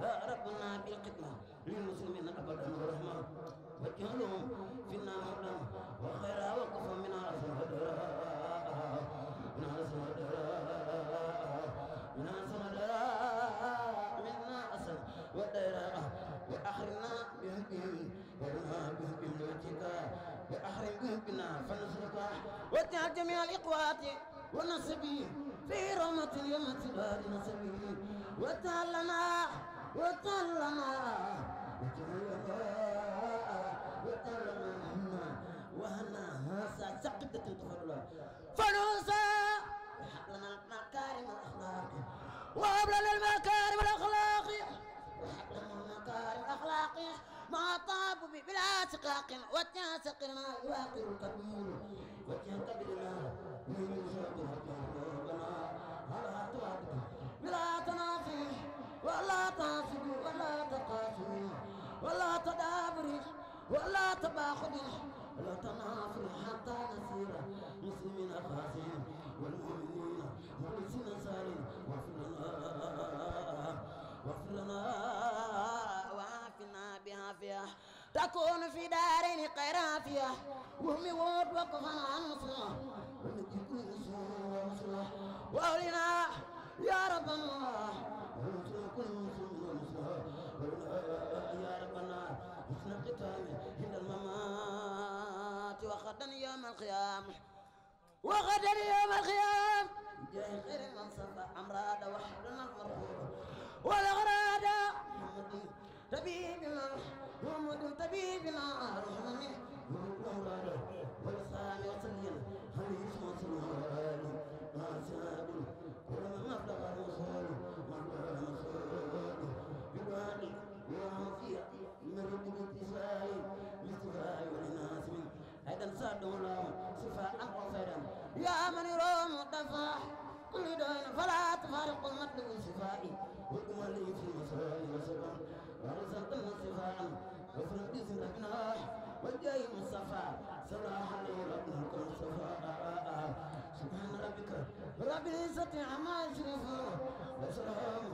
ربنا بالخدمة للمسلمين أبدا ورحمة وجعلهم في النار هدى وخيرا وكفا من عرف هدرا من عرف هدرا من عرف هدرا من عرف ودرا وأخرنا بهدهم ورنا بهدهم لوجهك وأخرنا بنا فنصرك واجعل جميع الإقوات ونصبي في رمة يوم تبار نصبي وتعلنا وكلم وكلم عما وهنا سعقدة الطفل فنوسا وحقلنا المكارم الأخلاق وأبلل المكارم الأخلاق وحقلنا المكارم الأخلاق ما طاب بلا تقاق وتنسق ما يواقي القدمين وتنقب لنا من وجود ربنا هل هل بلا تنافي والله ولا تدابري ولا تباخدي ولا تنافري حتى نصير مسلمين خاسرين والمؤمنين مخلصين سالين واغفر لنا واغفر لنا وعافنا بعافيه تكون في دارين غير عافيه وهم يود وقفا عن مصلحه ونجيكم مصلحه واولنا يا رب الله ونصر كل مسلم ونصر حسن الختام عند الممات وغدا يوم القيامة وغدا يوم القيامة جاه خير من صفى أمراض وحدنا المرفوض والأغراض محمد طبيبنا محمد طبيبنا رحمه ومراد والصلاة والسلام عليه المصطفى كل دين فلا تفارق المطلوب شفائي وكما لي في المسائل وسبا ورزقت مصطفى وفرق بسم الجناح والجاي مصطفى صلاح عليه ربنا كل صفاء سبحان ربك رب العزة عما يشرفون وسلام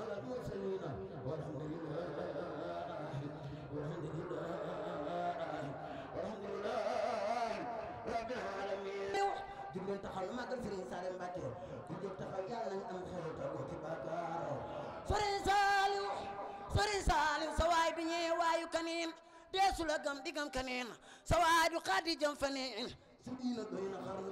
على المرسلين والحمد لله والحمد لله Serigne Saliou Mbacké bi ñee waayu kaneen deesu la gëm digam kaneen sa waay du xaadi jëm faneen su diina doy na xarnu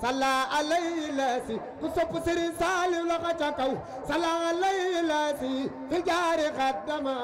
salla alayhi laasi ku sopp Sëriñ Saaliw loxo ca kaw salla alayhi laasi fi jaari xaddama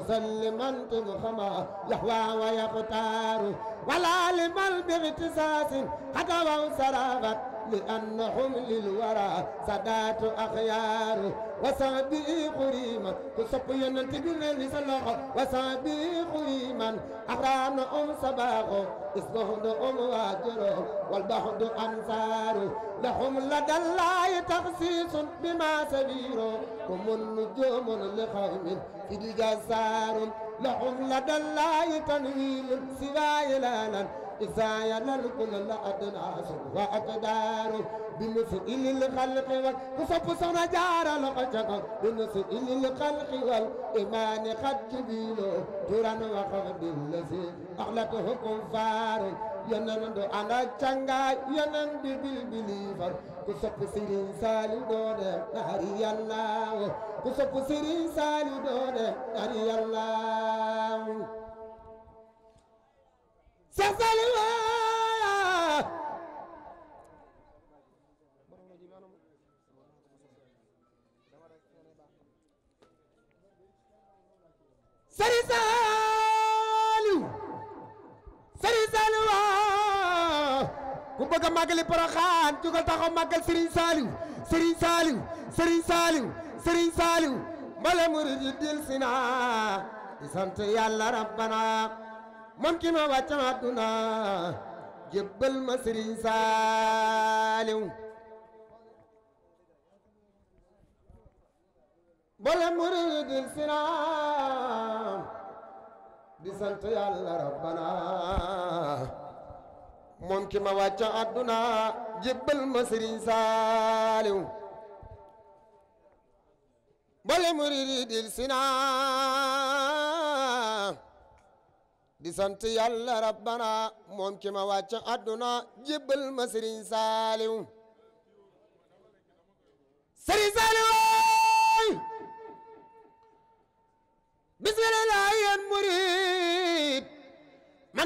تسلما تضخما يحوى ويختار ولا لمن باغتساس خطوا سرابت لأنهم للورى سادات أخيار وصابي قريما تسقي ننتقل لسلاح وصابي قريما أحران أم سباغ إصبهد أم واجر والبحد أنصار لهم لدى الله تخصيص بما سبيروا كمن نجوم لقوم إذ جزار لهم لدى الله تنويم سوى يلالا إسايا الكل الأدناس وأقدار بمسئل الخلق والكسف سنجار لقجك بمسئل الخلق والإيمان قد جبيل ترى وقد الذي أغلقه كفار yoneen du ànd ak càngaay yoneen bi ku sopp Sëriñ Saaliw doo dem naari ku sopp Sëriñ Saaliw doo dem naari yàlla sa saliwa ku bëgg a màggali Porokhane jugal taxaw màggal Serigne Saliou Serigne Saliou Serigne Saliou Serigne Saliou mbale murid dil si naa di sant rabbana moom ki ma wàcc ma àdduna jébbal ma Serigne Saliou mbale murid yi dil si naa di rabbana moom ki ma wàcca àdduna jébbal ma sëriñ saaliw bale muridi dil sina di sant yàlla rabbana moom ki ma wàcca àdduna jébbal ma sëriñ saaliw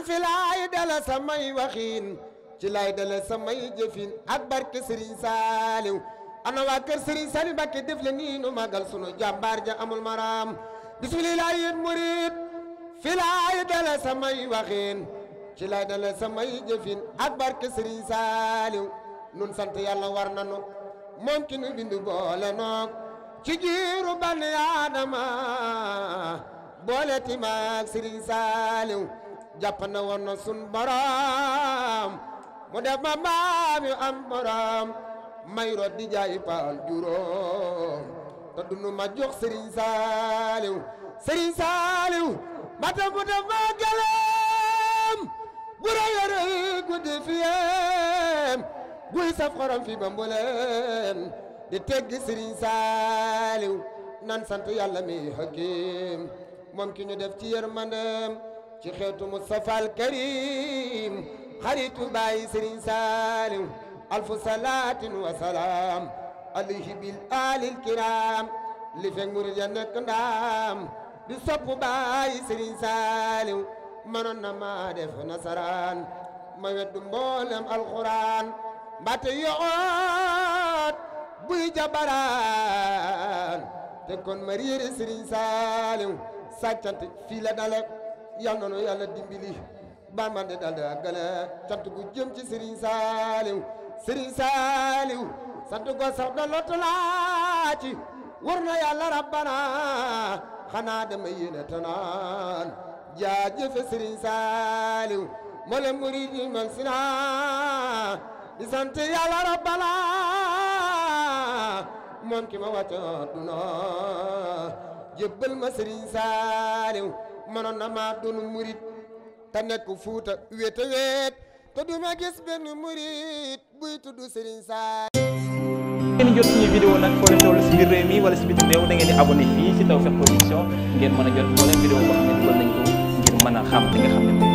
fi laay sa samay waxiin ci laay dala samay jëfin ak barke Serigne Saliou ana waa kër Serigne Saliou Mbacké def la nii nu magal sunu jàmbaar ja amul maraam bismillah yéen murid fi laay dala waxiin ci laay dala samay jëfin ak barke Serigne Saliou nun sant yàlla war nanu moom ki nu bindu boole noog ci jiiru bani Aadama boole ti maag Serigne jàpp na woon na sun borom mu def ma maam am borom may root di jaay paal juróom te dunu ma jox Serigne Saliou Serigne Saliou ba mu def ma gëlëm bu rëy a fiyeem buy saf xorom fi ba di teggi Serigne Saliou nan sant yàlla mi hakim moom ki ñu def ci yërmandeem ci xeetu Mustafa al xaritu bàyyi Sëriñ Saaliw alfu salaatin wa salaam alayhi bil alil li fekk murid nekk ndaam di soppu bàyyi Sëriñ Saaliw mënoon na maa def nasaraan ma weddu mboolem alquran mbate yoot buy jabaraan te kon ma Sëriñ Saaliw sàccante fii yal na nu yàlla dimbali ba man de daal di àggale cant gu jëm ci Serigne Saliou Serigne Saliou sant ko sax da lott laa na yàlla rabbana xanaa dama yéene mole murid yi man di sant yàlla rabbana moom ki ma wàcce duna jébbal ma Serigne Saliou mënoon na maa doon murit te nekk fuuta wéete weet te du ma gis benn murit buy tudd Serigne Saar. ngeen jot suñu vidéo nag foo leen toll si biir réew mi wala si biti réew da ngeen di abonné fii si Tawfekh Production ngeen mën a jot moo leen vidéo boo xam ne dugal nañ ko ngir mën a xam li nga